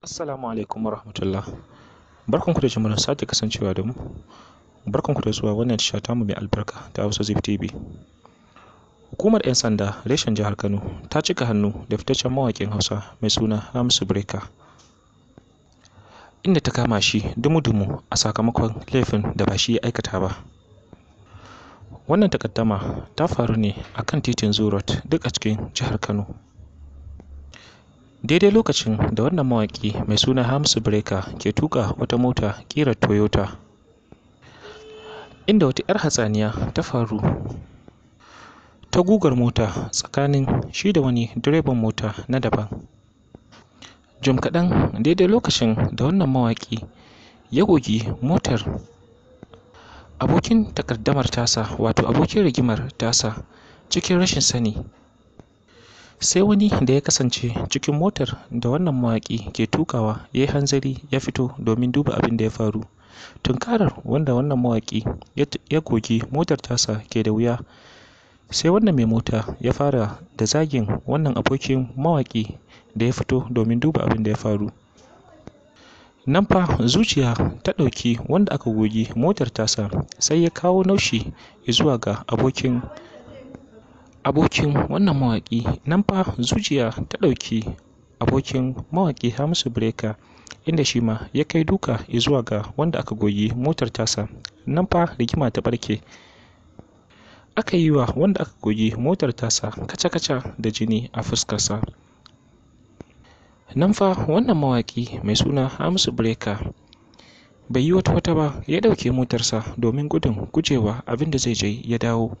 Assalamu alaikum warahmatullah. Barkan ku da jimurin sake kasancewa da mu. Barkan ku da zuwa wannan tasha mu mai albarka ta Hausa Zip TV. Hukumar 'yan sanda reshen jihar Kano ta cika hannu da fitaccen mawaƙin Hausa mai suna Hamisu Breka. Inda ta kama shi dumu-dumu a sakamakon laifin da ba shi ya aikata ba. Wannan takaddama ta faru ne a kan titin zurot duk a cikin jihar Kano. Daidai lokacin da wannan mawaƙi mai suna hamsu Breaker ke tuka wata mota ƙirar Toyota, inda wata 'yar hatsaniya ta faru ta gugar mota tsakanin shi da wani direban mota na daban. Jim kaɗan daidai lokacin da wannan mawaƙi ya gogi motar abokin takardamar tasa wato abokin rigimar tasa cikin rashin sani. sai wani da ya kasance cikin motar da wannan mawaƙi ke tukawa ya yi hanzari ya fito domin duba abin da ya faru tunkarar wanda wannan mawaƙi ya goge motar tasa ke da wuya sai wannan mai mota ya fara da zagin wannan abokin mawaƙi da ya fito domin duba abin da ya faru nan fa zuciya ta ɗauki wanda aka goge motar tasa sai ya kawo naushi zuwa ga abokin abokin wannan mawaƙi. Nan fa zuciya ta ɗauki abokin mawaƙi Hamisu breka inda shi ma ya kai duka zuwa ga wanda aka goyi motar tasa. Nan fa rigima ta ɓarke. Aka yi wa wanda aka gogi motar tasa kaca-kaca da jini a fuskarsa. Nan fa wannan mawaƙi mai suna Hamisu breka bai yi wata wata ba ya ɗauke motarsa domin gudun gujewa abin da zai je ya dawo.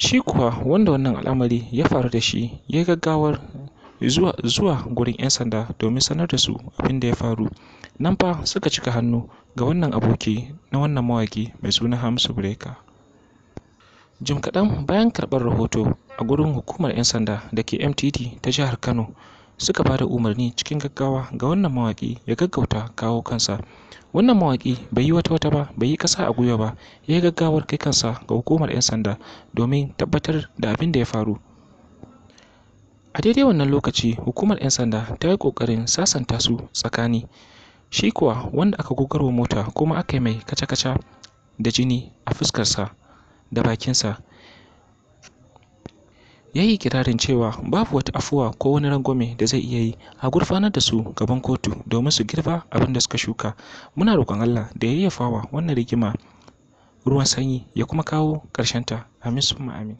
Shi kuwa wanda wannan al'amari ya faru da shi ya gaggawar zuwa gurin 'yan sanda domin sanar da su abin da ya faru. Nan fa suka cika hannu ga wannan aboki na wannan mawaki mai suna hamsu breka Jim kaɗan bayan karɓar rahoto a gurin hukumar 'yan sanda da ke mtd ta jihar Kano, suka ba da umarni cikin gaggawa ga wannan mawaki ya gaggauta kawo kansa wannan mawaƙi bai yi wata wata ba bai yi ƙasa a gwiwa ba ya yi gaggawar kai kansa ga hukumar 'yan sanda domin tabbatar da abin da ya faru a daidai wannan lokaci hukumar 'yan sanda ta yi ƙoƙarin sasanta su tsakani shi kuwa wanda aka gogarwa mota kuma aka yi mai kaca-kaca da jini a fuskarsa da bakinsa ya yi kirarin cewa babu wata afuwa ko wani rangwame da zai iya yi a gurfanar da su gaban kotu domin su girba abin da suka shuka muna roƙon Allah da ya yafawa wannan rigima ruwan sanyi ya kuma kawo ƙarshen ta summa amin